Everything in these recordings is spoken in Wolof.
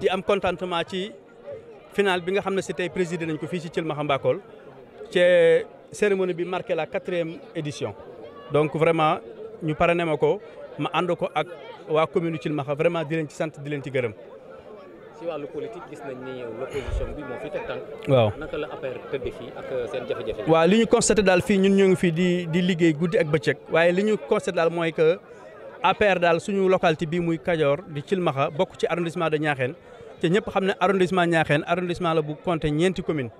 di am contentement ci finale bi nga xam ne si tey présidé nañ ko fii ci Thilmakha Mbakol ci cérémonie bi marqué la quatrième édition donc vraiment ñu parrainé ma ko ma ànd ko ak waa commune Thilmakha vraiment di leen ci sant di leen ci gërëm. ci wàllu politique gis nañ ni l'opposition fi teg tànk. waaw naka la APR tëdd fii jafe-jafe. li ñu constaté daal fii ñun ñoo ngi fii di di liggéey guddi ak bëccëg waaye li ñu constaté daal mooy que. APR daal suñu localité bii muy Kajoor di Cilmaxa bokk ci arrondissement de Niakhène te ñëpp xam ne arrondissement Niakhène arrondissement la bu compté ñeenti commune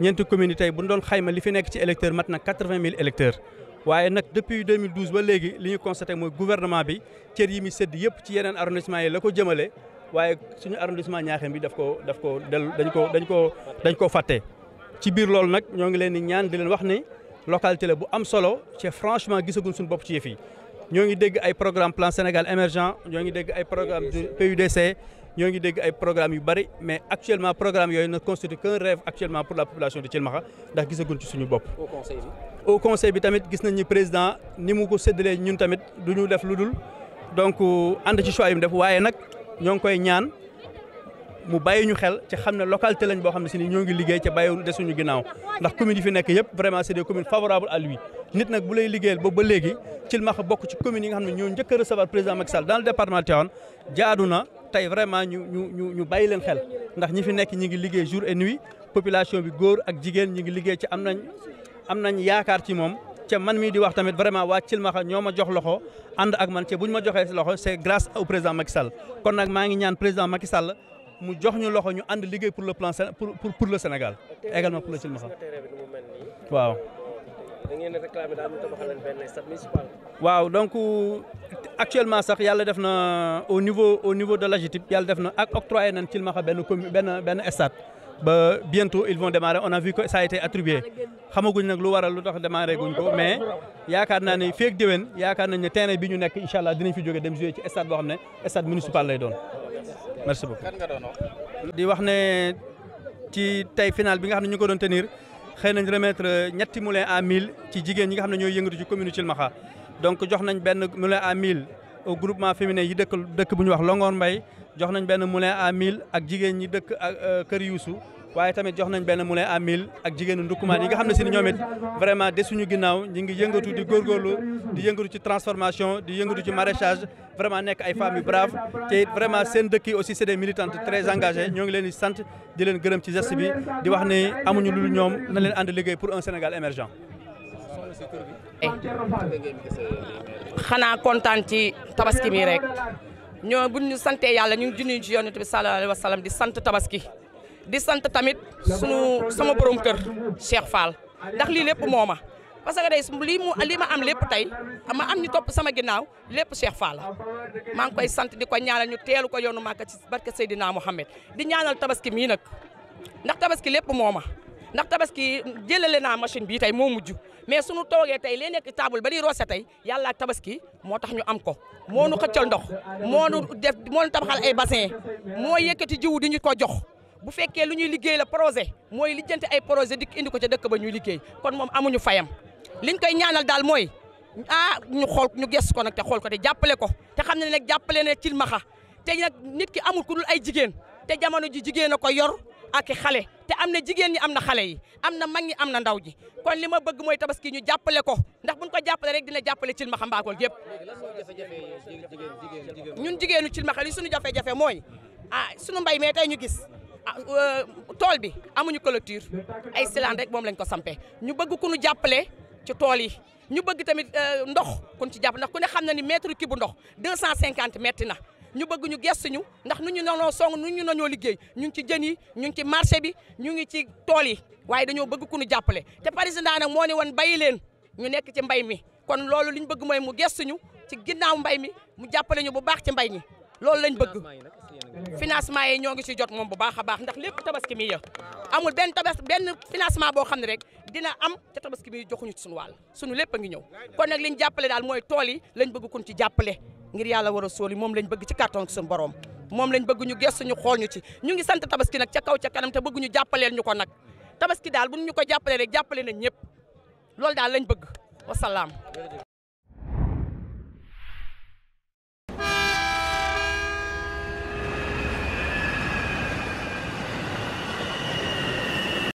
ñeenti communes yi tey bu ñu doon xayma li fi nekk ci électeurs mat na quatre-vingt mille électeurs waaye nag depuis 2012 ba léegi li ñu constaté mooy gouvernement bi cër yi mi sëdd yëpp ci yeneen arrondissement yi la ko jëmale waaye suñu arrondissement Niakhène bi daf ko daf ko del dañ ko dañ ko dañ koo fàtte ci biir loolu nag ñoo ngi leen di ñaan di leen wax ne localité bu am solo te franchement gisaguñ suñu bopp ci yëf yi ñoo ngi dégg ay programme plan Sénégal émergent ñoo ngi dégg ay programme du PUDC ñoo ngi dégg ay programme yu bari mais actuellement programme yooyu na constitue qu'un rêve actuellement pour la population de Thilmakha ndax gisaguñ ci suñu bopp. au conseil bi au bi tamit gis nañ ni président ni mu ko séddalee ñun tamit du ñu def lu dul donc ànd ci choix yi def waaye nag ñoo ngi koy ñaan. mu bàyyi ñu xel ci xam ne localité lañ boo xam ne si ni ñoo ngi liggéey ca bàyyiwul desuñu ginnaaw ndax communes yi fi nekk yëpp vraiment c'est des communes favorables à lui nit nag bu lay liggéeyal ci communes yi nga njëkk a recevoir dans le département Tivaouane jaadu na tey vraiment ñu ñu ñu ñu bàyyi leen xel ndax ñi fi nekk ñi ngi liggéey jour et nuit population bi góor ak jigéen ñi ngi liggéey ci am nañ am nañ yaakaar ci moom ca man mii di wax tamit vraiment waa Thilmakha ñoo ma jox loxo ànd ak man ca bu ñu ma joxee loxo c'est grâce au président Macky kon nag maa ngi ñaan président Macky Sall mu jox ñu loxo ñu ànd liggéey pour le plan pour pour pour le Sénégal. également pour le Cilmaxa waaw. da ngeen réclamé daal ñu tabaxal leen donc actuellement sax yàlla def na au niveau au niveau de l'AGETIP yalla def na ak octroyé nañ Cilmaxa benn commune benn benn stade. ba bientôt ils vont démarrer on a vu que ça a été attribué xamaguñ nag lu waral lu tax démarrer guñ ko mais yaakaar naa ne feeg déwén yaakaar nañ ne terrain ñu nekk incha allah dinañ fi jóge dem jouer ci stade boo ne stade municipal lay doon. merci nga doon di wax ne ci tey final bi nga xam ne ñu ko doon tenir xëy nañ remetre ñetti moulin à mille ci jigéen ñi nga xam ne ñooy yëngatu ci commune Thilmakha donc jox nañ benn moulin à mille au groupement féminin yi dëkk dëkk bu ñu wax Longoor Mbay jox nañ benn moulin à mille ak jigéen ñi dëkk ak euh, Kër Yuusu waaye tamit jox nañ benn moulin à mille ak jigéenu ndukkumaan yi nga xam ne si ñoom it vraiment desuñu ginnaaw ñi ngi yëngatu di góorgóorlu di yëngatu ci transformation di yëngatu ci maraîchage vraiment nekk ay femmes yu brave te vraiment seen dëkk yi aussi c'est des militantes très engagées ñoo ngi leen di sant di leen gërëm ci geste bi di wax ne amuñu lu ñoom na leen ànd liggéey pour un Sénégal émergent. xanaa kontaan ci tabaski mi rek ñoo buñ ñu santee yàlla ñu ngi ci yonent bi sallallahu alayhi di sant tabaski. di sant tamit sunu sama borom kër Cheikh Fall ndax lii lépp moo ma parce que day lii mu lii ma am lépp tey ma am ñu topp sama ginnaaw lépp Cheikh Fall la maa ngi koy sant di ko ñaanal ñu teelu ko yoonu Màkka ci barke Seydina Mohamed di ñaanal tabaski mii nag ndax tabaski lépp moo ma ndax tabaski jëlale naa machine bii tey moo mujj mais sunu toogee tey lee nekk taabul ba di roose tey yàlla ak tabaski moo tax ñu am ko moo nu xëccal ndox moo nu moo nu tabaxal ay bassin moo yëkkati jiwu di ñu jox bu fekkee lu ñuy liggéey la projet mooy lijjanti ay projet dikk indi ko ca dëkk ba ñuy liggéey kon moom amu ñu fayam liñ koy ñaanal daal mooy ah ñu xool ñu ges ko nag te xool ko te jàppale ko te xam ne nag jàppale ne cilmaxa te nag nit ki amul ku ay jigéen te jamono ji jigéen a ko yor ak xale te am na jigéen ñi am na xale yi am na mag ñi am na ndaw ji kon li ma bëgg mooy tabaski ñu jàppale ko ndax buñ ko jàppale rek dina jàppale cilmaxa mbaakool yëpp ñun jigéenu cilmaxa li suñu jafe-jafe mooy ah suñu mbay mee tey ñu gis Ah, euh, tool bi amuñu clôture ay silaan rek moom lañ ko sampee ñu bëgg ku ñu jàppale ci tool yi ñu bëgg tamit euh, ndox kun ci jàpp ndax ku ne xam na ni mètre cube ndox 250 metti na ñu bëgg ñu gestuñu ndax nu ñu nanoo song nu ñu nanoo liggéey ñu ngi ci jën yi ñu ngi ci marché bi ñu ngi ci tool yi waaye dañoo bëgg ku ñu jàppale te président nag moo ne woon bàyyi leen ñu nekk ci mbay mi kon loolu li ñu bëgg mooy mu ñu ci ginnaaw mbay mi mu jàppale ñu bu baax ci mbay mi loolu lañ bëgg financement yi ñoo ngi ci jot moom bu baaxa baax ndax lépp tabaski mi ya amul benn tabas benn financement boo xam ne rek dina am ca tabaski mi joxuñu ci suñu wàll suñu lépp a ngi ñëw kon nag liñ jàppale daal mooy tool yi lañ bëgg kun ci jàppale ngir yàlla war a sooli moom lañ bëgg ci carton suñu borom moom lañ bëgg ñu gëstu ñu xool ñu ci ñu ngi sant tabaski nag ca kaw ca kanam te bëgg ñu jàppaleel ñu ko nag tabaski daal bu ñu ko jàppalee rek jàppale nañ ñëpp loolu daal lañ bëgg wasalaam